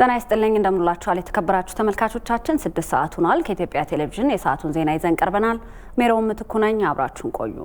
ዘና ይስጥልኝ እንደምንላችኋል የተከበራችሁ ተመልካቾቻችን፣ ስድስት ሰዓት ሆኗል። ከኢትዮጵያ ቴሌቪዥን የሰዓቱን ዜና ይዘን ቀርበናል። ሜሮን ምትኩ ነኝ። አብራችሁን ቆዩ።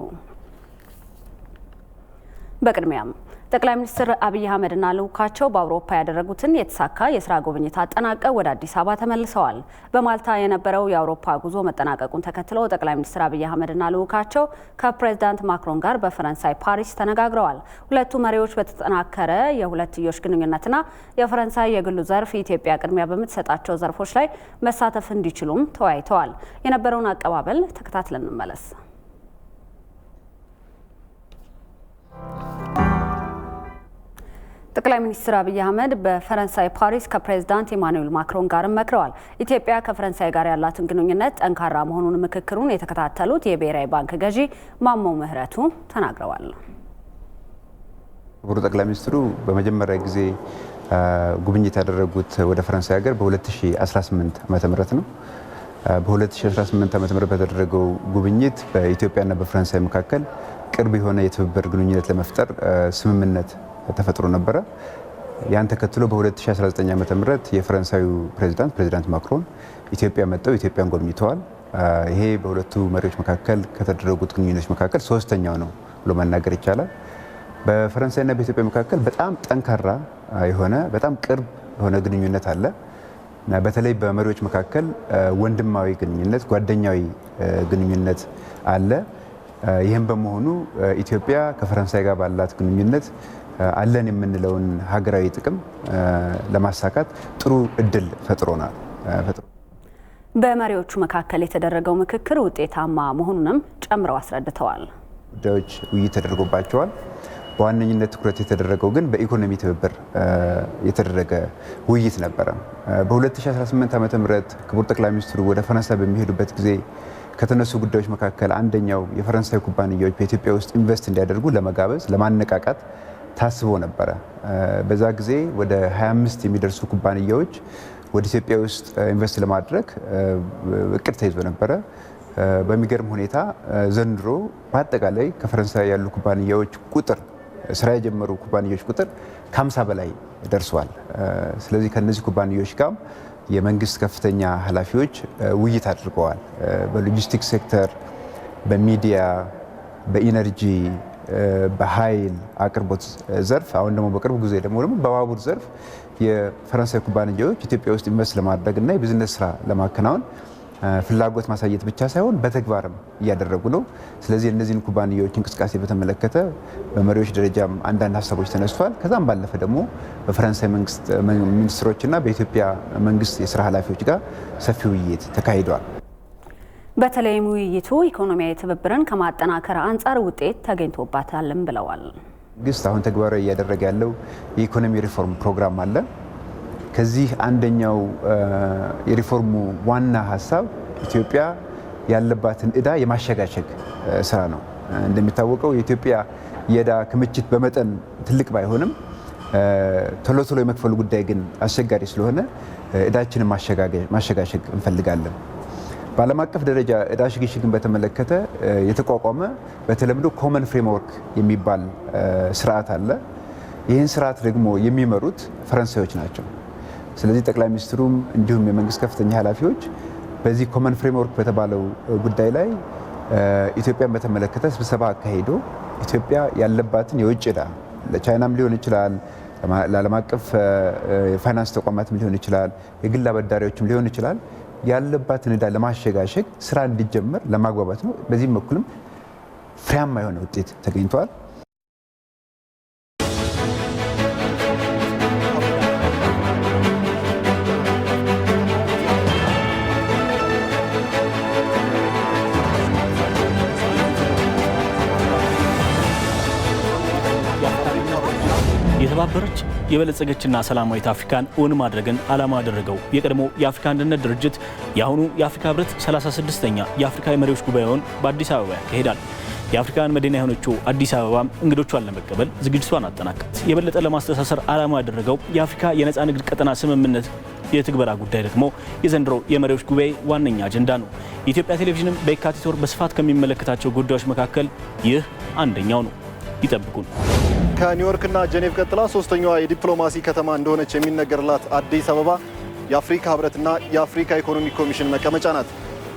በቅድሚያም ጠቅላይ ሚኒስትር አብይ አህመድና ልዑካቸው በአውሮፓ ያደረጉትን የተሳካ የስራ ጉብኝት አጠናቀው ወደ አዲስ አበባ ተመልሰዋል። በማልታ የነበረው የአውሮፓ ጉዞ መጠናቀቁን ተከትለው ጠቅላይ ሚኒስትር አብይ አህመድና ልዑካቸው ከፕሬዝዳንት ማክሮን ጋር በፈረንሳይ ፓሪስ ተነጋግረዋል። ሁለቱ መሪዎች በተጠናከረ የሁለትዮሽ ግንኙነትና የፈረንሳይ የግሉ ዘርፍ ኢትዮጵያ ቅድሚያ በምትሰጣቸው ዘርፎች ላይ መሳተፍ እንዲችሉም ተወያይተዋል። የነበረውን አቀባበል ተከታትለን እንመለስ። ጠቅላይ ሚኒስትር አብይ አህመድ በፈረንሳይ ፓሪስ ከፕሬዝዳንት ኢማኑኤል ማክሮን ጋርም መክረዋል። ኢትዮጵያ ከፈረንሳይ ጋር ያላትን ግንኙነት ጠንካራ መሆኑን ምክክሩን የተከታተሉት የብሔራዊ ባንክ ገዢ ማሞ ምህረቱ ተናግረዋል። ክቡር ጠቅላይ ሚኒስትሩ በመጀመሪያ ጊዜ ጉብኝት ያደረጉት ወደ ፈረንሳይ ሀገር በ2018 ዓ ም ነው። በ2018 ዓ ም በተደረገው ጉብኝት በኢትዮጵያና በፈረንሳይ መካከል ቅርብ የሆነ የትብብር ግንኙነት ለመፍጠር ስምምነት ተፈጥሮ ነበረ። ያን ተከትሎ በ2019 ዓ ም የፈረንሳዩ ፕሬዚዳንት ፕሬዚዳንት ማክሮን ኢትዮጵያ መጥተው ኢትዮጵያን ጎብኝተዋል። ይሄ በሁለቱ መሪዎች መካከል ከተደረጉት ግንኙነቶች መካከል ሶስተኛው ነው ብሎ መናገር ይቻላል። በፈረንሳይና በኢትዮጵያ መካከል በጣም ጠንካራ የሆነ በጣም ቅርብ የሆነ ግንኙነት አለ። በተለይ በመሪዎች መካከል ወንድማዊ ግንኙነት፣ ጓደኛዊ ግንኙነት አለ። ይህም በመሆኑ ኢትዮጵያ ከፈረንሳይ ጋር ባላት ግንኙነት አለን የምንለውን ሀገራዊ ጥቅም ለማሳካት ጥሩ እድል ፈጥሮናል ፈጥሮ በመሪዎቹ መካከል የተደረገው ምክክር ውጤታማ መሆኑንም ጨምረው አስረድተዋል። ጉዳዮች ውይይት ተደርጎባቸዋል። በዋነኝነት ትኩረት የተደረገው ግን በኢኮኖሚ ትብብር የተደረገ ውይይት ነበረ። በ2018 ዓ.ም ክቡር ጠቅላይ ሚኒስትሩ ወደ ፈረንሳይ በሚሄዱበት ጊዜ ከተነሱ ጉዳዮች መካከል አንደኛው የፈረንሳይ ኩባንያዎች በኢትዮጵያ ውስጥ ኢንቨስት እንዲያደርጉ ለመጋበዝ ለማነቃቃት ታስቦ ነበረ። በዛ ጊዜ ወደ 25 የሚደርሱ ኩባንያዎች ወደ ኢትዮጵያ ውስጥ ኢንቨስት ለማድረግ እቅድ ተይዞ ነበረ። በሚገርም ሁኔታ ዘንድሮ በአጠቃላይ ከፈረንሳይ ያሉ ኩባንያዎች ቁጥር ስራ የጀመሩ ኩባንያዎች ቁጥር ከ50 በላይ ደርሰዋል። ስለዚህ ከነዚህ ኩባንያዎች ጋር የመንግስት ከፍተኛ ኃላፊዎች ውይይት አድርገዋል። በሎጂስቲክስ ሴክተር፣ በሚዲያ፣ በኢነርጂ በኃይል አቅርቦት ዘርፍ አሁን ደግሞ በቅርብ ጊዜ ደግሞ ደግሞ በባቡር ዘርፍ የፈረንሳይ ኩባንያዎች ኢትዮጵያ ውስጥ ኢንቨስት ለማድረግ እና የቢዝነስ ስራ ለማከናወን ፍላጎት ማሳየት ብቻ ሳይሆን በተግባርም እያደረጉ ነው። ስለዚህ እነዚህን ኩባንያዎች እንቅስቃሴ በተመለከተ በመሪዎች ደረጃም አንዳንድ ሀሳቦች ተነስቷል። ከዛም ባለፈ ደግሞ በፈረንሳይ ሚኒስትሮችና በኢትዮጵያ መንግስት የስራ ኃላፊዎች ጋር ሰፊ ውይይት ተካሂዷል። በተለይም ውይይቱ ኢኮኖሚያዊ ትብብርን ከማጠናከር አንጻር ውጤት ተገኝቶባታልም ብለዋል። መንግስት አሁን ተግባራዊ እያደረገ ያለው የኢኮኖሚ ሪፎርም ፕሮግራም አለ። ከዚህ አንደኛው የሪፎርሙ ዋና ሀሳብ ኢትዮጵያ ያለባትን እዳ የማሸጋሸግ ስራ ነው። እንደሚታወቀው የኢትዮጵያ የእዳ ክምችት በመጠን ትልቅ ባይሆንም ቶሎ ቶሎ የመክፈሉ ጉዳይ ግን አስቸጋሪ ስለሆነ እዳችንን ማሸጋሸግ እንፈልጋለን። በዓለም አቀፍ ደረጃ እዳ ሽግሽግን በተመለከተ የተቋቋመ በተለምዶ ኮመን ፍሬምወርክ የሚባል ስርዓት አለ። ይህን ስርዓት ደግሞ የሚመሩት ፈረንሳዮች ናቸው። ስለዚህ ጠቅላይ ሚኒስትሩም እንዲሁም የመንግስት ከፍተኛ ኃላፊዎች በዚህ ኮመን ፍሬምወርክ በተባለው ጉዳይ ላይ ኢትዮጵያን በተመለከተ ስብሰባ አካሂዶ ኢትዮጵያ ያለባትን የውጭ ዳ ለቻይናም ሊሆን ይችላል፣ ለዓለም አቀፍ የፋይናንስ ተቋማትም ሊሆን ይችላል፣ የግል አበዳሪዎችም ሊሆን ይችላል ያለባትን እዳ ለማሸጋሸግ ስራ እንዲጀመር ለማግባባት ነው። በዚህም በኩልም ፍሬያማ የሆነ ውጤት ተገኝተዋል። የተባበረች የበለጸገችና ሰላማዊት አፍሪካን እውን ማድረግን ዓላማ ያደረገው የቀድሞ የአፍሪካ አንድነት ድርጅት የአሁኑ የአፍሪካ ህብረት 36ኛ የአፍሪካ የመሪዎች ጉባኤውን በአዲስ አበባ ያካሄዳል። የአፍሪካን መዲና የሆነችው አዲስ አበባ እንግዶቿን ለመቀበል ዝግጅቷን አጠናቀት። የበለጠ ለማስተሳሰር ዓላማ ያደረገው የአፍሪካ የነፃ ንግድ ቀጠና ስምምነት የትግበራ ጉዳይ ደግሞ የዘንድሮ የመሪዎች ጉባኤ ዋነኛ አጀንዳ ነው። የኢትዮጵያ ቴሌቪዥንም በየካቲት ወር በስፋት ከሚመለከታቸው ጉዳዮች መካከል ይህ አንደኛው ነው። ይጠብቁን። ከኒውዮርክና ጄኔቭ ቀጥላ ሶስተኛዋ የዲፕሎማሲ ከተማ እንደሆነች የሚነገርላት አዲስ አበባ የአፍሪካ ህብረትና የአፍሪካ ኢኮኖሚ ኮሚሽን መቀመጫ ናት።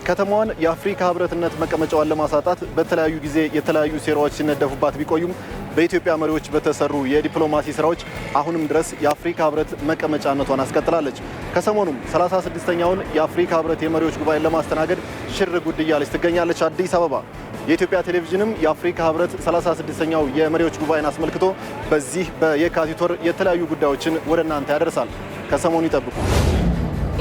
ከተማዋን የአፍሪካ ህብረትነት መቀመጫዋን ለማሳጣት በተለያዩ ጊዜ የተለያዩ ሴራዎች ሲነደፉባት ቢቆዩም በኢትዮጵያ መሪዎች በተሰሩ የዲፕሎማሲ ስራዎች አሁንም ድረስ የአፍሪካ ህብረት መቀመጫነቷን አስቀጥላለች። ከሰሞኑም 36ኛውን የአፍሪካ ህብረት የመሪዎች ጉባኤን ለማስተናገድ ሽር ጉድ እያለች ትገኛለች አዲስ አበባ። የኢትዮጵያ ቴሌቪዥንም የአፍሪካ ህብረት 36ኛው የመሪዎች ጉባኤን አስመልክቶ በዚህ በየካቲት ወር የተለያዩ ጉዳዮችን ወደ እናንተ ያደርሳል። ከሰሞኑ ይጠብቁ።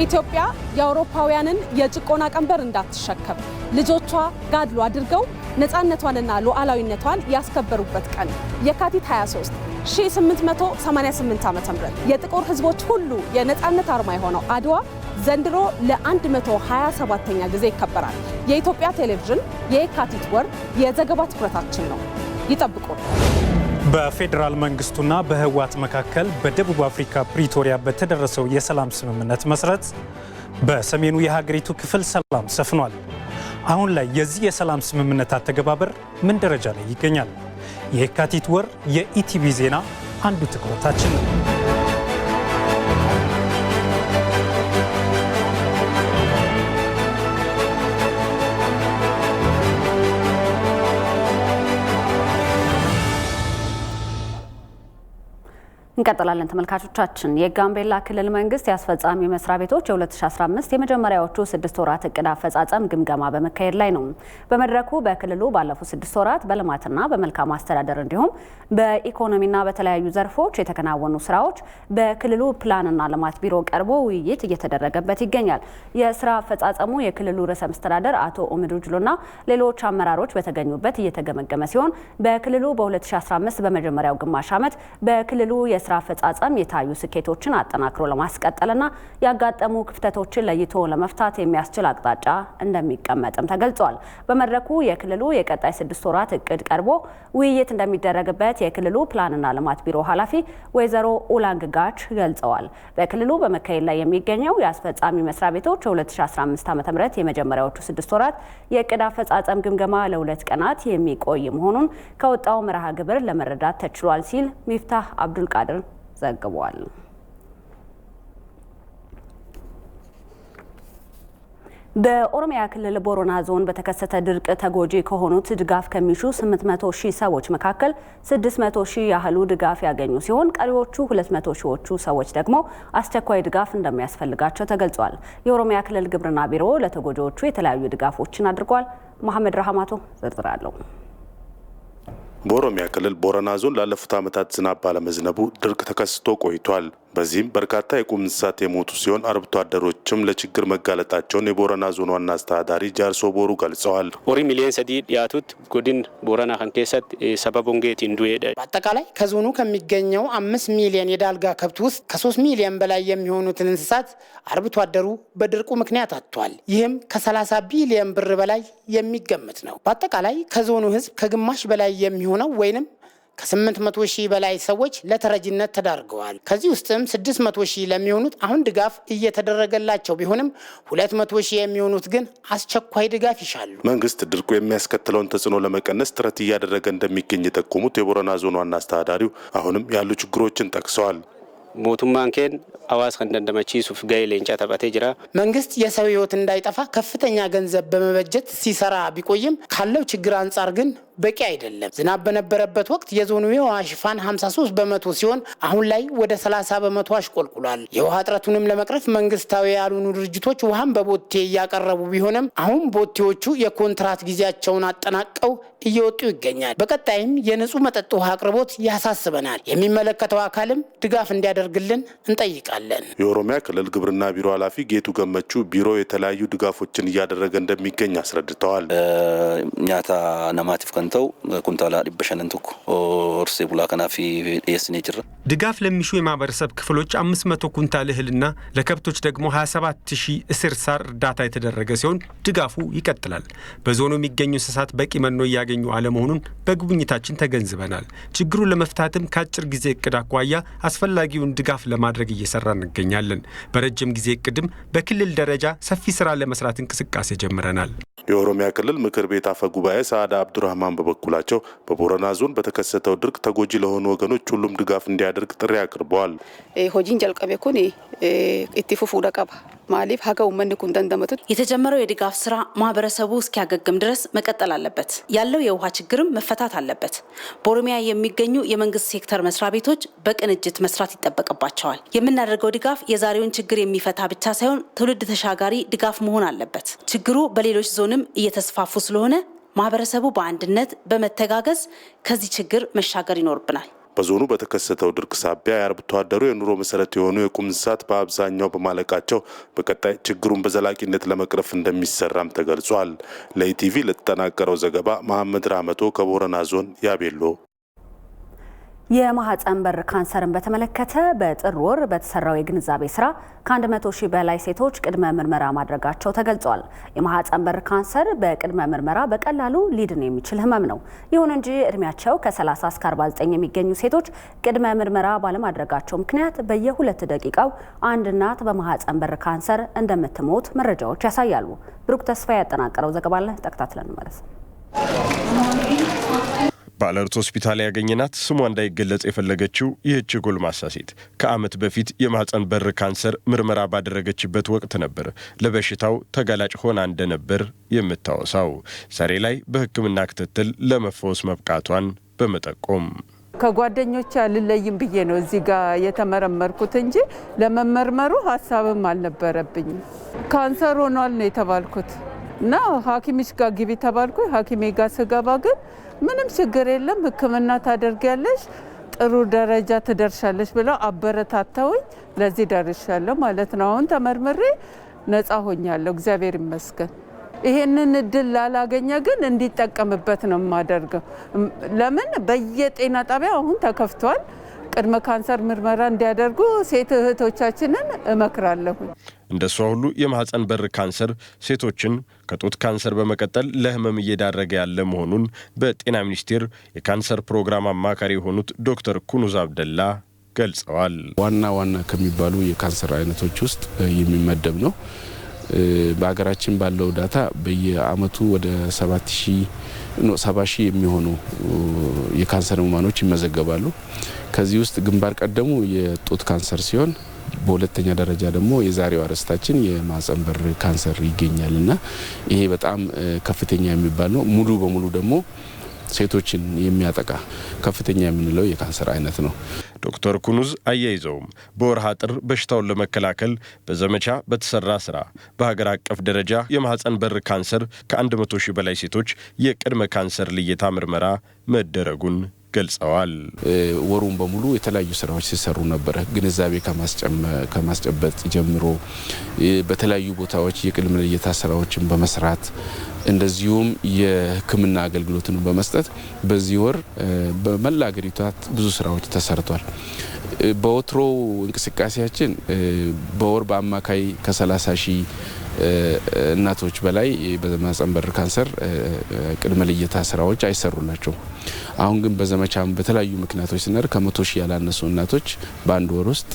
ኢትዮጵያ የአውሮፓውያንን የጭቆና ቀንበር እንዳትሸከም ልጆቿ ጋድሎ አድርገው ነፃነቷንና ሉዓላዊነቷን ያስከበሩበት ቀን የካቲት 23 1888 ዓ ም የጥቁር ህዝቦች ሁሉ የነፃነት አርማ የሆነው አድዋ ዘንድሮ ለ127ኛ ጊዜ ይከበራል። የኢትዮጵያ ቴሌቪዥን የየካቲት ወር የዘገባ ትኩረታችን ነው። ይጠብቁ። በፌዴራል መንግስቱና በህወሓት መካከል በደቡብ አፍሪካ ፕሪቶሪያ በተደረሰው የሰላም ስምምነት መሰረት በሰሜኑ የሀገሪቱ ክፍል ሰላም ሰፍኗል። አሁን ላይ የዚህ የሰላም ስምምነት አተገባበር ምን ደረጃ ላይ ይገኛል? የካቲት ወር የኢቲቪ ዜና አንዱ ትኩረታችን ነው። እንቀጥላለን ተመልካቾቻችን። የጋምቤላ ክልል መንግስት የአስፈጻሚ መስሪያ ቤቶች የ2015 የመጀመሪያዎቹ ስድስት ወራት እቅድ አፈጻጸም ግምገማ በመካሄድ ላይ ነው። በመድረኩ በክልሉ ባለፉት ስድስት ወራት በልማትና በመልካም አስተዳደር እንዲሁም በኢኮኖሚና በተለያዩ ዘርፎች የተከናወኑ ስራዎች በክልሉ ፕላንና ልማት ቢሮ ቀርቦ ውይይት እየተደረገበት ይገኛል። የስራ አፈጻጸሙ የክልሉ ርዕሰ መስተዳደር አቶ ኦምዱ ጅሎና ሌሎች አመራሮች በተገኙበት እየተገመገመ ሲሆን በክልሉ በ2015 በመጀመሪያው ግማሽ ዓመት በክልሉ የስራ አፈጻጸም የታዩ ስኬቶችን አጠናክሮ ለማስቀጠልና ያጋጠሙ ክፍተቶችን ለይቶ ለመፍታት የሚያስችል አቅጣጫ እንደሚቀመጥም ተገልጿል። በመድረኩ የክልሉ የቀጣይ ስድስት ወራት እቅድ ቀርቦ ውይይት እንደሚደረግበት የክልሉ ፕላንና ልማት ቢሮ ኃላፊ ወይዘሮ ኡላንግጋች ገልጸዋል። በክልሉ በመካሄድ ላይ የሚገኘው የአስፈጻሚ መስሪያ ቤቶች የ2015 ዓ ም የመጀመሪያዎቹ ስድስት ወራት የእቅድ አፈጻጸም ግምገማ ለሁለት ቀናት የሚቆይ መሆኑን ከወጣው መርሃ ግብር ለመረዳት ተችሏል ሲል ሚፍታህ አብዱልቃድር ዘግቧል። በኦሮሚያ ክልል ቦረና ዞን በተከሰተ ድርቅ ተጎጂ ከሆኑት ድጋፍ ከሚሹ 800 ሺህ ሰዎች መካከል 600 ሺህ ያህሉ ድጋፍ ያገኙ ሲሆን ቀሪዎቹ 200 ሺዎቹ ሰዎች ደግሞ አስቸኳይ ድጋፍ እንደሚያስፈልጋቸው ተገልጿል። የኦሮሚያ ክልል ግብርና ቢሮ ለተጎጂዎቹ የተለያዩ ድጋፎችን አድርጓል። መሐመድ ረሃማቶ ዝርዝር አለው። በኦሮሚያ ክልል ቦረና ዞን ላለፉት ዓመታት ዝናብ ባለመዝነቡ ድርቅ ተከስቶ ቆይቷል። በዚህም በርካታ የቁም እንስሳት የሞቱ ሲሆን አርብቶ አደሮችም ለችግር መጋለጣቸውን የቦረና ዞን ዋና አስተዳዳሪ ጃርሶ ቦሩ ገልጸዋል። ሆሪ ሚሊዮን ሰዲ ያቱት ጎዲን ቦረና ከንኬሰት ሰበቦንጌት ሄደ በአጠቃላይ ከዞኑ ከሚገኘው አምስት ሚሊዮን የዳልጋ ከብት ውስጥ ከሶስት ሚሊዮን በላይ የሚሆኑትን እንስሳት አርብቶ አደሩ በድርቁ ምክንያት አጥቷል። ይህም ከ30 ቢሊዮን ብር በላይ የሚገምት ነው። በአጠቃላይ ከዞኑ ህዝብ ከግማሽ በላይ የሚሆነው ወይንም ከ800 ሺህ በላይ ሰዎች ለተረጅነት ተዳርገዋል። ከዚህ ውስጥም 600 ሺህ ለሚሆኑት አሁን ድጋፍ እየተደረገላቸው ቢሆንም 200 ሺህ የሚሆኑት ግን አስቸኳይ ድጋፍ ይሻሉ። መንግስት ድርቁ የሚያስከትለውን ተጽዕኖ ለመቀነስ ጥረት እያደረገ እንደሚገኝ የጠቆሙት የቦረና ዞን ዋና አስተዳዳሪው አሁንም ያሉ ችግሮችን ጠቅሰዋል። ሞቱማን ኬን አዋስ ሱፍ ጋይ ሌንጫ ተባቴ ጅራ መንግስት የሰው ህይወት እንዳይጠፋ ከፍተኛ ገንዘብ በመበጀት ሲሰራ ቢቆይም ካለው ችግር አንጻር ግን በቂ አይደለም። ዝናብ በነበረበት ወቅት የዞኑ የውሃ ሽፋን 53 በመቶ ሲሆን አሁን ላይ ወደ 30 በመቶ አሽቆልቁሏል። የውሃ እጥረቱንም ለመቅረፍ መንግስታዊ ያልሆኑ ድርጅቶች ውሃን በቦቴ እያቀረቡ ቢሆንም አሁን ቦቴዎቹ የኮንትራት ጊዜያቸውን አጠናቀው እየወጡ ይገኛል። በቀጣይም የንጹህ መጠጥ ውሃ አቅርቦት ያሳስበናል። የሚመለከተው አካልም ድጋፍ እንዲያደርግልን እንጠይቃለን። የኦሮሚያ ክልል ግብርና ቢሮ ኃላፊ ጌቱ ገመቹ ቢሮ የተለያዩ ድጋፎችን እያደረገ እንደሚገኝ አስረድተዋል። ኛታ ነማቲፍ kan ta'u kuntaalaa dhibba shanan tokko horsee bulaa kanaaf ድጋፍ ለሚሹ የማህበረሰብ ክፍሎች 500 ኩንታል እህልና ለከብቶች ደግሞ 27 ሺህ እስር ሳር እርዳታ የተደረገ ሲሆን ድጋፉ ይቀጥላል። በዞኑ የሚገኙ እንስሳት በቂ መኖ እያገኙ አለመሆኑን በጉብኝታችን ተገንዝበናል። ችግሩን ለመፍታትም ከአጭር ጊዜ እቅድ አኳያ አስፈላጊውን ድጋፍ ለማድረግ እየሰራ እንገኛለን። በረጅም ጊዜ እቅድም በክልል ደረጃ ሰፊ ስራ ለመስራት እንቅስቃሴ ጀምረናል። የኦሮሚያ ክልል ምክር ቤት አፈ ጉባኤ ሰዓዳ አብዱራህማን አክለውም በበኩላቸው በቦረና ዞን በተከሰተው ድርቅ ተጎጂ ለሆኑ ወገኖች ሁሉም ድጋፍ እንዲያደርግ ጥሪ አቅርበዋል። ሆጂን ጀልቀቤ ኩን ኢቲፉፉ ደቀባ ማሊፍ ሀገው መንኩ እንደንደመቱት የተጀመረው የድጋፍ ስራ ማህበረሰቡ እስኪያገግም ድረስ መቀጠል አለበት። ያለው የውሃ ችግርም መፈታት አለበት። በኦሮሚያ የሚገኙ የመንግስት ሴክተር መስሪያ ቤቶች በቅንጅት መስራት ይጠበቅባቸዋል። የምናደርገው ድጋፍ የዛሬውን ችግር የሚፈታ ብቻ ሳይሆን ትውልድ ተሻጋሪ ድጋፍ መሆን አለበት። ችግሩ በሌሎች ዞንም እየተስፋፉ ስለሆነ ማህበረሰቡ በአንድነት በመተጋገዝ ከዚህ ችግር መሻገር ይኖርብናል። በዞኑ በተከሰተው ድርቅ ሳቢያ የአርብቶ አደሩ የኑሮ መሰረት የሆኑ የቁም እንስሳት በአብዛኛው በማለቃቸው በቀጣይ ችግሩን በዘላቂነት ለመቅረፍ እንደሚሰራም ተገልጿል። ለኢቲቪ ለተጠናቀረው ዘገባ መሐመድ ራመቶ ከቦረና ዞን ያቤሎ የማህፀን በር ካንሰርን በተመለከተ በጥር ወር በተሰራው የግንዛቤ ስራ ከ100 ሺህ በላይ ሴቶች ቅድመ ምርመራ ማድረጋቸው ተገልጿል። የማህፀን በር ካንሰር በቅድመ ምርመራ በቀላሉ ሊድን የሚችል ህመም ነው። ይሁን እንጂ እድሜያቸው ከ30 እስከ 49 የሚገኙ ሴቶች ቅድመ ምርመራ ባለማድረጋቸው ምክንያት በየሁለት ደቂቃው አንድ እናት በማህፀን በር ካንሰር እንደምትሞት መረጃዎች ያሳያሉ። ብሩክ ተስፋ ያጠናቀረው ዘገባ ላይ ተከታትለን ባለርት ሆስፒታል ያገኘናት ስሟ እንዳይገለጽ የፈለገችው ይህች ጎልማሳ ሴት ከዓመት በፊት የማህፀን በር ካንሰር ምርመራ ባደረገችበት ወቅት ነበር ለበሽታው ተጋላጭ ሆና እንደነበር የምታወሳው። ዛሬ ላይ በሕክምና ክትትል ለመፈወስ መብቃቷን በመጠቆም ከጓደኞች አልለይም ብዬ ነው እዚህ ጋር የተመረመርኩት እንጂ ለመመርመሩ ሀሳብም አልነበረብኝም። ካንሰር ሆኗል ነው የተባልኩት እና ሐኪምሽ ጋር ግቢ ተባልኩ። ሐኪሜ ጋር ስገባ ግን ምንም ችግር የለም ህክምና ታደርጊያለሽ ጥሩ ደረጃ ትደርሻለሽ ብለው አበረታተውኝ ለዚህ ደርሻለሁ ማለት ነው። አሁን ተመርምሬ ነፃ ሆኛለሁ፣ እግዚአብሔር ይመስገን። ይሄንን እድል ላላገኘ ግን እንዲጠቀምበት ነው የማደርገው። ለምን በየጤና ጣቢያ አሁን ተከፍቷል። ቅድመ ካንሰር ምርመራ እንዲያደርጉ ሴት እህቶቻችንን እመክራለሁ። እንደሷ ሁሉ የማህፀን በር ካንሰር ሴቶችን ከጡት ካንሰር በመቀጠል ለህመም እየዳረገ ያለ መሆኑን በጤና ሚኒስቴር የካንሰር ፕሮግራም አማካሪ የሆኑት ዶክተር ኩኑዝ አብደላ ገልጸዋል። ዋና ዋና ከሚባሉ የካንሰር አይነቶች ውስጥ የሚመደብ ነው። በሀገራችን ባለው ዳታ በየአመቱ ወደ ሰባት ሺህ ሰባ ሺህ የሚሆኑ የካንሰር ህሙማኖች ይመዘገባሉ። ከዚህ ውስጥ ግንባር ቀደሙ የጡት ካንሰር ሲሆን በሁለተኛ ደረጃ ደግሞ የዛሬው አርዕስታችን የማህጸን በር ካንሰር ይገኛል እና ይሄ በጣም ከፍተኛ የሚባል ነው። ሙሉ በሙሉ ደግሞ ሴቶችን የሚያጠቃ ከፍተኛ የምንለው የካንሰር አይነት ነው። ዶክተር ኩኑዝ አያይዘውም በወርሃ ጥር በሽታውን ለመከላከል በዘመቻ በተሰራ ስራ በሀገር አቀፍ ደረጃ የማህፀን በር ካንሰር ከ100 ሺህ በላይ ሴቶች የቅድመ ካንሰር ልየታ ምርመራ መደረጉን ገልጸዋል። ወሩን በሙሉ የተለያዩ ስራዎች ሲሰሩ ነበረ። ግንዛቤ ከማስጨበጥ ጀምሮ በተለያዩ ቦታዎች የቅድመ ልየታ ስራዎችን በመስራት እንደዚሁም የሕክምና አገልግሎትን በመስጠት በዚህ ወር በመላ አገሪቷ ብዙ ስራዎች ተሰርቷል። በወትሮ እንቅስቃሴያችን በወር በአማካይ ከ30 ሺህ እናቶች በላይ በማህፀን በር ካንሰር ቅድመ ልየታ ስራዎች አይሰሩላቸው። አሁን ግን በዘመቻም በተለያዩ ምክንያቶች ስንር ከመቶ ሺህ ያላነሱ እናቶች በአንድ ወር ውስጥ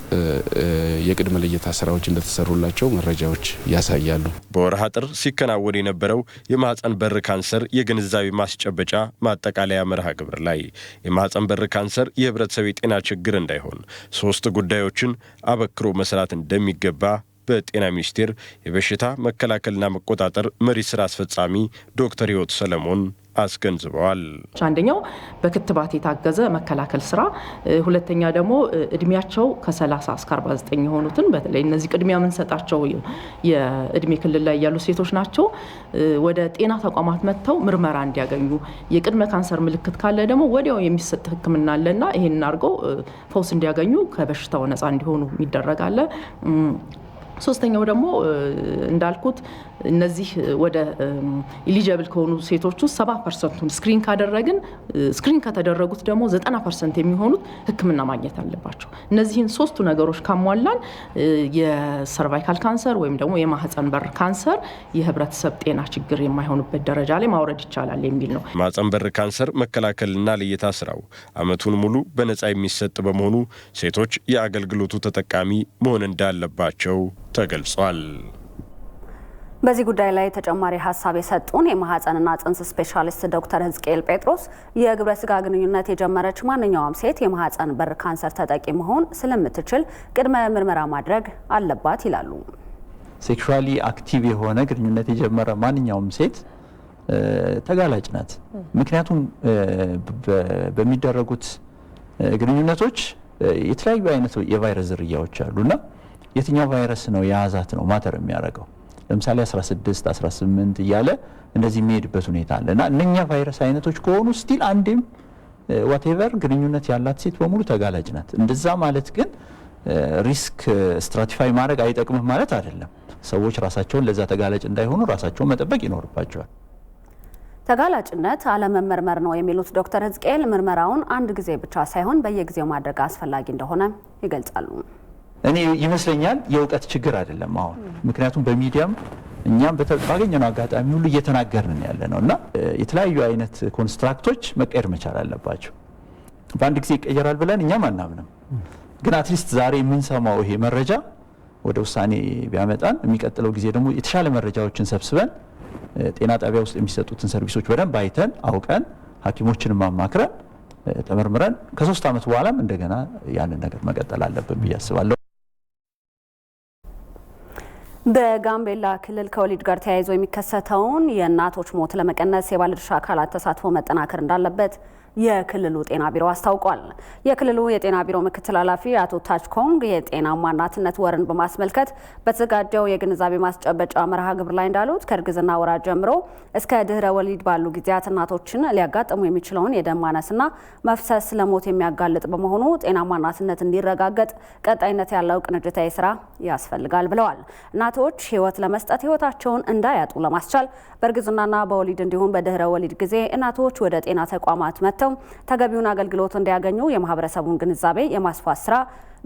የቅድመ ልየታ ስራዎች እንደተሰሩላቸው መረጃዎች ያሳያሉ። በወርሃ ጥር ሲከናወን የነበረው የማህፀን በር ካንሰር የግንዛቤ ማስጨበጫ ማጠቃለያ መርሃ ግብር ላይ የማህፀን በር ካንሰር የህብረተሰብ የጤና ችግር እንዳይሆን ሶስት ጉዳዮችን አበክሮ መስራት እንደሚገባ በጤና ሚኒስቴር የበሽታ መከላከልና መቆጣጠር መሪ ስራ አስፈጻሚ ዶክተር ህይወት ሰለሞን አስገንዝበዋል። አንደኛው በክትባት የታገዘ መከላከል ስራ፣ ሁለተኛ ደግሞ እድሜያቸው ከ30 እስከ 49 የሆኑትን በተለይ እነዚህ ቅድሚያ የምንሰጣቸው የእድሜ ክልል ላይ ያሉ ሴቶች ናቸው። ወደ ጤና ተቋማት መጥተው ምርመራ እንዲያገኙ፣ የቅድመ ካንሰር ምልክት ካለ ደግሞ ወዲያው የሚሰጥ ሕክምና አለና ይህንን አድርገው ፈውስ እንዲያገኙ ከበሽታው ነፃ እንዲሆኑ የሚደረጋለ ሶስተኛው ደግሞ እንዳልኩት እነዚህ ወደ ኢሊጀብል ከሆኑ ሴቶች ውስጥ ሰባ ፐርሰንቱን ስክሪን ካደረግን ስክሪን ከተደረጉት ደግሞ ዘጠና ፐርሰንት የሚሆኑት ሕክምና ማግኘት አለባቸው። እነዚህን ሶስቱ ነገሮች ካሟላን የሰርቫይካል ካንሰር ወይም ደግሞ የማህፀን በር ካንሰር የህብረተሰብ ጤና ችግር የማይሆንበት ደረጃ ላይ ማውረድ ይቻላል የሚል ነው። ማህፀን በር ካንሰር መከላከልና ልየታ ስራው አመቱን ሙሉ በነፃ የሚሰጥ በመሆኑ ሴቶች የአገልግሎቱ ተጠቃሚ መሆን እንዳለባቸው ተገልጿል። በዚህ ጉዳይ ላይ ተጨማሪ ሀሳብ የሰጡን የማህፀንና ጽንስ ስፔሻሊስት ዶክተር ህዝቅኤል ጴጥሮስ የግብረ ስጋ ግንኙነት የጀመረች ማንኛውም ሴት የማህፀን በር ካንሰር ተጠቂ መሆን ስለምትችል ቅድመ ምርመራ ማድረግ አለባት ይላሉ። ሴክሹዋሊ አክቲቭ የሆነ ግንኙነት የጀመረ ማንኛውም ሴት ተጋላጭ ናት። ምክንያቱም በሚደረጉት ግንኙነቶች የተለያዩ አይነት የቫይረስ ዝርያዎች አሉና የትኛው ቫይረስ ነው የያዛት ነው ማተር የሚያደርገው። ለምሳሌ 16 18 እያለ እንደዚህ የሚሄድበት ሁኔታ አለ እና እነኛ ቫይረስ አይነቶች ከሆኑ ስቲል አንዴም ዋቴቨር ግንኙነት ያላት ሴት በሙሉ ተጋላጭ ናት። እንደዛ ማለት ግን ሪስክ ስትራቲፋይ ማድረግ አይጠቅምም ማለት አይደለም። ሰዎች ራሳቸውን ለዛ ተጋላጭ እንዳይሆኑ ራሳቸውን መጠበቅ ይኖርባቸዋል። ተጋላጭነት አለመመርመር ነው የሚሉት ዶክተር ህዝቅኤል ምርመራውን አንድ ጊዜ ብቻ ሳይሆን በየጊዜው ማድረግ አስፈላጊ እንደሆነ ይገልጻሉ። እኔ ይመስለኛል የእውቀት ችግር አይደለም አሁን ምክንያቱም በሚዲያም እኛም ባገኘነው አጋጣሚ ሁሉ እየተናገርን ያለ ነው እና የተለያዩ አይነት ኮንስትራክቶች መቀየር መቻል አለባቸው። በአንድ ጊዜ ይቀየራል ብለን እኛም አናምንም። ግን አትሊስት ዛሬ የምንሰማው ይሄ መረጃ ወደ ውሳኔ ቢያመጣን የሚቀጥለው ጊዜ ደግሞ የተሻለ መረጃዎችን ሰብስበን ጤና ጣቢያ ውስጥ የሚሰጡትን ሰርቪሶች በደንብ አይተን አውቀን ሀኪሞችን ማማክረን ተመርምረን ከሶስት ዓመት በኋላም እንደገና ያንን ነገር መቀጠል አለብን ብዬ አስባለሁ። በጋምቤላ ክልል ከወሊድ ጋር ተያይዞ የሚከሰተውን የእናቶች ሞት ለመቀነስ የባለድርሻ አካላት ተሳትፎ መጠናከር እንዳለበት የክልሉ ጤና ቢሮ አስታውቋል። የክልሉ የጤና ቢሮ ምክትል ኃላፊ አቶ ታች ኮንግ የጤናማ እናትነት ወርን በማስመልከት በተዘጋጀው የግንዛቤ ማስጨበጫ መርሃ ግብር ላይ እንዳሉት ከእርግዝና ወራት ጀምሮ እስከ ድህረ ወሊድ ባሉ ጊዜያት እናቶችን ሊያጋጥሙ የሚችለውን የደም ማነስና መፍሰስ ለሞት የሚያጋልጥ በመሆኑ ጤናማ እናትነት እንዲረጋገጥ ቀጣይነት ያለው ቅንጅታዊ ስራ ያስፈልጋል ብለዋል። እናቶች ህይወት ለመስጠት ህይወታቸውን እንዳያጡ ለማስቻል በእርግዝናና በወሊድ እንዲሁም በድህረ ወሊድ ጊዜ እናቶች ወደ ጤና ተቋማት መ ተደራጅተው ተገቢውን አገልግሎት እንዲያገኙ የማህበረሰቡን ግንዛቤ የማስፋት ስራ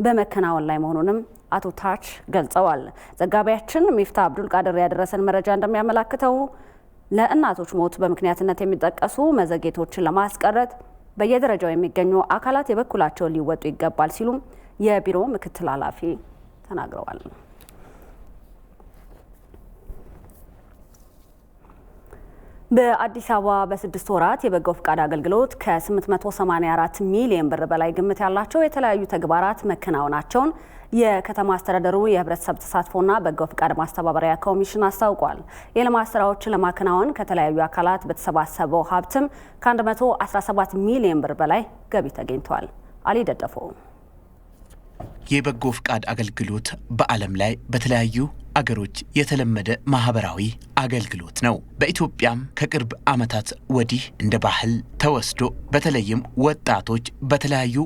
በመከናወን ላይ መሆኑንም አቶ ታች ገልጸዋል። ዘጋቢያችን ሚፍታ አብዱል ቃድር ያደረሰን መረጃ እንደሚያመላክተው ለእናቶች ሞት በምክንያትነት የሚጠቀሱ መዘጌቶችን ለማስቀረት በየደረጃው የሚገኙ አካላት የበኩላቸውን ሊወጡ ይገባል ሲሉም የቢሮ ምክትል ኃላፊ ተናግረዋል። በአዲስ አበባ በስድስት ወራት የበጎ ፍቃድ አገልግሎት ከ884 ሚሊዮን ብር በላይ ግምት ያላቸው የተለያዩ ተግባራት መከናወናቸውን የከተማ አስተዳደሩ የህብረተሰብ ተሳትፎና በጎ ፍቃድ ማስተባበሪያ ኮሚሽን አስታውቋል። የልማት ስራዎችን ለማከናወን ከተለያዩ አካላት በተሰባሰበው ሀብትም ከ117 ሚሊዮን ብር በላይ ገቢ ተገኝቷል። አሊ ደደፎ የበጎ ፍቃድ አገልግሎት በዓለም ላይ በተለያዩ አገሮች የተለመደ ማህበራዊ አገልግሎት ነው። በኢትዮጵያም ከቅርብ ዓመታት ወዲህ እንደ ባህል ተወስዶ በተለይም ወጣቶች በተለያዩ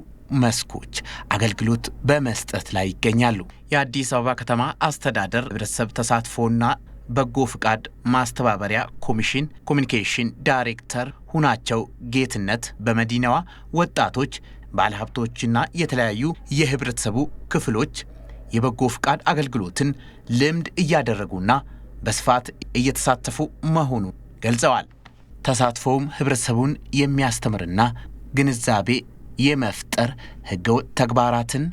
መስኮች አገልግሎት በመስጠት ላይ ይገኛሉ። የአዲስ አበባ ከተማ አስተዳደር ህብረተሰብ ተሳትፎና በጎ ፍቃድ ማስተባበሪያ ኮሚሽን ኮሚኒኬሽን ዳይሬክተር ሁናቸው ጌትነት በመዲናዋ ወጣቶች፣ ባለሀብቶችና የተለያዩ የህብረተሰቡ ክፍሎች የበጎ ፍቃድ አገልግሎትን ልምድ እያደረጉና በስፋት እየተሳተፉ መሆኑን ገልጸዋል። ተሳትፎውም ህብረተሰቡን የሚያስተምርና ግንዛቤ የመፍጠር ህገወጥ ተግባራትን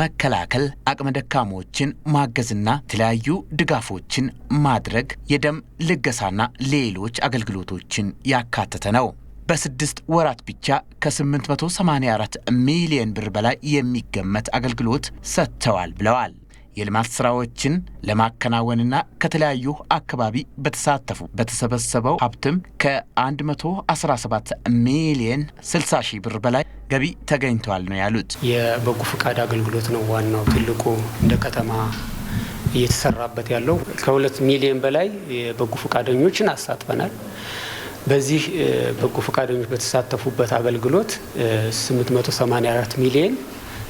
መከላከል፣ አቅመ ደካሞችን ማገዝና የተለያዩ ድጋፎችን ማድረግ፣ የደም ልገሳና ሌሎች አገልግሎቶችን ያካተተ ነው። በስድስት ወራት ብቻ ከ884 ሚሊዮን ብር በላይ የሚገመት አገልግሎት ሰጥተዋል ብለዋል። የልማት ስራዎችን ለማከናወንና ከተለያዩ አካባቢ በተሳተፉ በተሰበሰበው ሀብትም ከ117 ሚሊየን 60 ሺህ ብር በላይ ገቢ ተገኝተዋል ነው ያሉት። የበጎ ፈቃድ አገልግሎት ነው ዋናው ትልቁ እንደ ከተማ እየተሰራበት ያለው ከሁለት ሚሊየን በላይ የበጎ ፈቃደኞችን አሳትፈናል። በዚህ በጎ ፈቃደኞች በተሳተፉበት አገልግሎት 884 ሚሊዮን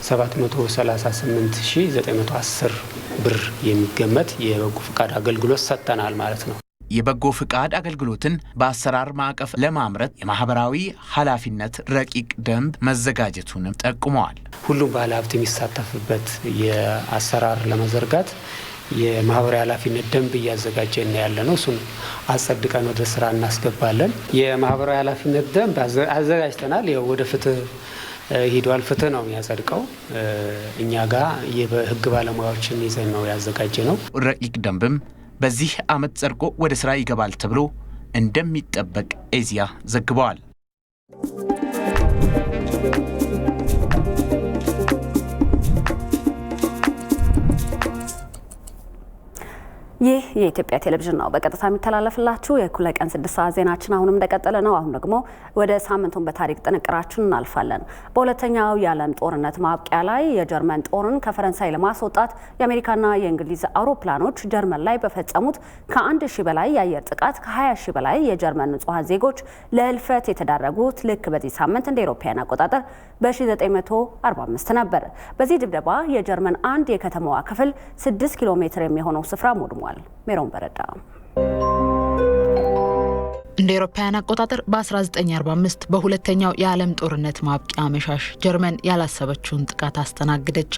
738910 ብር የሚገመት የበጎ ፈቃድ አገልግሎት ሰጥተናል ማለት ነው። የበጎ ፍቃድ አገልግሎትን በአሰራር ማዕቀፍ ለማምረት የማህበራዊ ኃላፊነት ረቂቅ ደንብ መዘጋጀቱንም ጠቁመዋል። ሁሉም ባለሀብት የሚሳተፍበት የአሰራር ለመዘርጋት የማህበራዊ ኃላፊነት ደንብ እያዘጋጀን ያለ ነው። እሱን አጸድቀን ወደ ስራ እናስገባለን። የማህበራዊ ኃላፊነት ደንብ አዘጋጅተናል። ያው ወደ ፍትህ ሂዷል። ፍትህ ነው የሚያጸድቀው። እኛ ጋር የህግ ባለሙያዎችን ይዘን ነው ያዘጋጀ ነው። ረቂቅ ደንብም በዚህ አመት ጸድቆ ወደ ስራ ይገባል ተብሎ እንደሚጠበቅ ኤዚያ ዘግበዋል። ይህ የኢትዮጵያ ቴሌቪዥን ነው በቀጥታ የሚተላለፍላችሁ የእኩለ ቀን ስድስት ሰዓት ዜናችን አሁንም እንደቀጠለ ነው። አሁን ደግሞ ወደ ሳምንቱን በታሪክ ጥንቅራችን እናልፋለን። በሁለተኛው የዓለም ጦርነት ማብቂያ ላይ የጀርመን ጦርን ከፈረንሳይ ለማስወጣት የአሜሪካና የእንግሊዝ አውሮፕላኖች ጀርመን ላይ በፈጸሙት ከአንድ ሺህ በላይ የአየር ጥቃት ከ20 ሺህ በላይ የጀርመን ንጹሐን ዜጎች ለህልፈት የተዳረጉት ልክ በዚህ ሳምንት እንደ ኤሮፓያን አቆጣጠር በ1945 ነበር። በዚህ ድብደባ የጀርመን አንድ የከተማዋ ክፍል 6 ኪሎ ሜትር የሚሆነው ስፍራ ሞድሟል። ተጠቅሟል። ሜሮን በረዳ እንደ ኤሮፓውያን አቆጣጠር በ1945 በሁለተኛው የዓለም ጦርነት ማብቂያ አመሻሽ ጀርመን ያላሰበችውን ጥቃት አስተናግደች።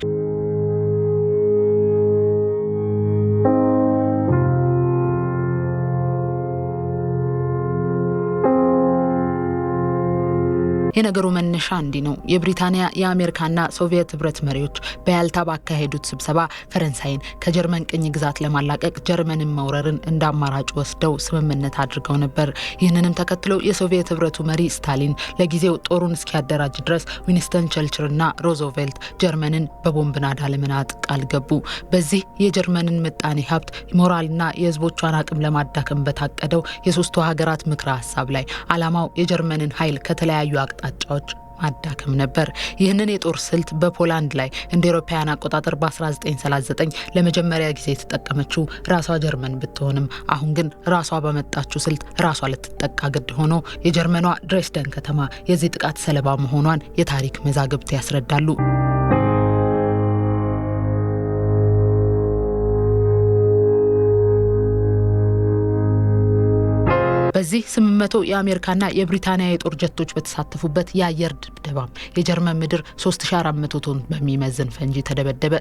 የነገሩ መነሻ እንዲህ ነው። የብሪታንያ የአሜሪካና ሶቪየት ህብረት መሪዎች በያልታ ባካሄዱት ስብሰባ ፈረንሳይን ከጀርመን ቅኝ ግዛት ለማላቀቅ ጀርመንን መውረርን እንደ አማራጭ ወስደው ስምምነት አድርገው ነበር። ይህንንም ተከትሎ የሶቪየት ህብረቱ መሪ ስታሊን ለጊዜው ጦሩን እስኪያደራጅ ድረስ ዊንስተን ቸርችልና ሮዝቬልት ጀርመንን በቦምብ ናዳ ለመናጥ ቃል ገቡ። በዚህ የጀርመንን ምጣኔ ሀብት ሞራልና የህዝቦቿን አቅም ለማዳከም በታቀደው የሶስቱ ሀገራት ምክረ ሀሳብ ላይ አላማው የጀርመንን ኃይል ከተለያዩ አቅጣ አቅጣጫዎች ማዳከም ነበር። ይህንን የጦር ስልት በፖላንድ ላይ እንደ ኤሮፓውያን አቆጣጠር በ1939 ለመጀመሪያ ጊዜ የተጠቀመችው ራሷ ጀርመን ብትሆንም አሁን ግን ራሷ በመጣችው ስልት ራሷ ልትጠቃ ግድ ሆኖ የጀርመኗ ድሬስደን ከተማ የዚህ ጥቃት ሰለባ መሆኗን የታሪክ መዛግብት ያስረዳሉ። በዚህ 800 የአሜሪካና የብሪታንያ የጦር ጀቶች በተሳተፉበት የአየር ድብደባም የጀርመን ምድር 3400 ቶን በሚመዝን ፈንጂ ተደበደበ።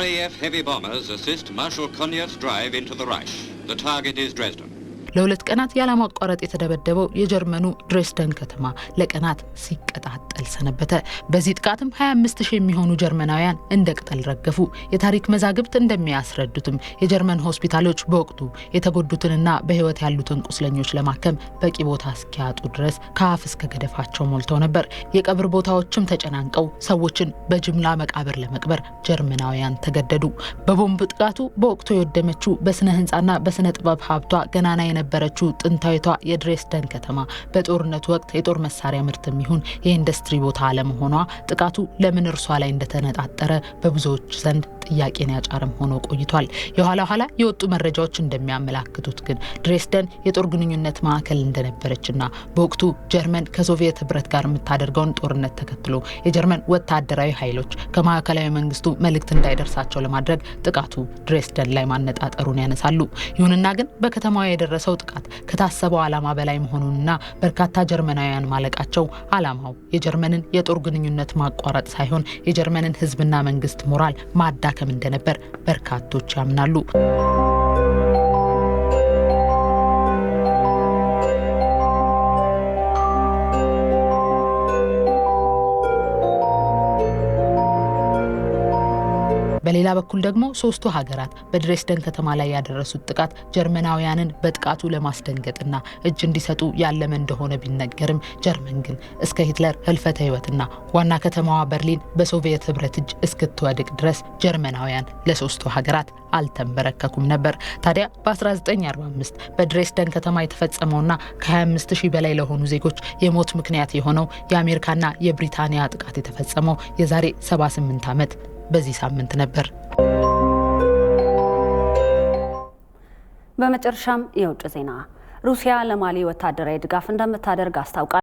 RAF heavy bombers assist Marshal Konyev's drive into the Reich. The target is Dresden. ለሁለት ቀናት ያለማቋረጥ የተደበደበው የጀርመኑ ድሬስደን ከተማ ለቀናት ሲቀጣጠል ሰነበተ። በዚህ ጥቃትም 25 ሺህ የሚሆኑ ጀርመናውያን እንደ ቅጠል ረገፉ። የታሪክ መዛግብት እንደሚያስረዱትም የጀርመን ሆስፒታሎች በወቅቱ የተጎዱትንና በህይወት ያሉትን ቁስለኞች ለማከም በቂ ቦታ እስኪያጡ ድረስ ከአፍ እስከ ገደፋቸው ሞልተው ነበር። የቀብር ቦታዎችም ተጨናንቀው ሰዎችን በጅምላ መቃብር ለመቅበር ጀርመናውያን ተገደዱ። በቦምብ ጥቃቱ በወቅቱ የወደመችው በስነ ህንፃና በስነ ጥበብ ሀብቷ ገናና የነበረችው ጥንታዊቷ የድሬስደን ከተማ በጦርነቱ ወቅት የጦር መሳሪያ ምርት የሚሆን የኢንዱስትሪ ቦታ አለመሆኗ ጥቃቱ ለምን እርሷ ላይ እንደተነጣጠረ በብዙዎች ዘንድ ጥያቄን ያጫረም ሆኖ ቆይቷል። የኋላ ኋላ የወጡ መረጃዎች እንደሚያመላክቱት ግን ድሬስደን የጦር ግንኙነት ማዕከል እንደነበረችና በወቅቱ ጀርመን ከሶቪየት ህብረት ጋር የምታደርገውን ጦርነት ተከትሎ የጀርመን ወታደራዊ ኃይሎች ከማዕከላዊ መንግስቱ መልእክት እንዳይደርሳቸው ለማድረግ ጥቃቱ ድሬስደን ላይ ማነጣጠሩን ያነሳሉ። ይሁንና ግን በከተማዋ የደረሰው ጥቃት ከታሰበው ዓላማ በላይ መሆኑንና በርካታ ጀርመናውያን ማለቃቸው ዓላማው የጀርመንን የጦር ግንኙነት ማቋረጥ ሳይሆን የጀርመንን ህዝብና መንግስት ሞራል ማዳ ማዳከም እንደነበር በርካቶች ያምናሉ። በሌላ በኩል ደግሞ ሶስቱ ሀገራት በድሬስደን ከተማ ላይ ያደረሱት ጥቃት ጀርመናውያንን በጥቃቱ ለማስደንገጥና እጅ እንዲሰጡ ያለመ እንደሆነ ቢነገርም ጀርመን ግን እስከ ሂትለር ህልፈተ ህይወትና ዋና ከተማዋ በርሊን በሶቪየት ህብረት እጅ እስክትወድቅ ድረስ ጀርመናውያን ለሶስቱ ሀገራት አልተንበረከኩም ነበር። ታዲያ በ1945 በድሬስደን ከተማ የተፈጸመውና ከ25 ሺህ በላይ ለሆኑ ዜጎች የሞት ምክንያት የሆነው የአሜሪካና የብሪታንያ ጥቃት የተፈጸመው የዛሬ 78 ዓመት በዚህ ሳምንት ነበር። በመጨረሻም የውጭ ዜና ሩሲያ ለማሊ ወታደራዊ ድጋፍ እንደምታደርግ አስታውቃል።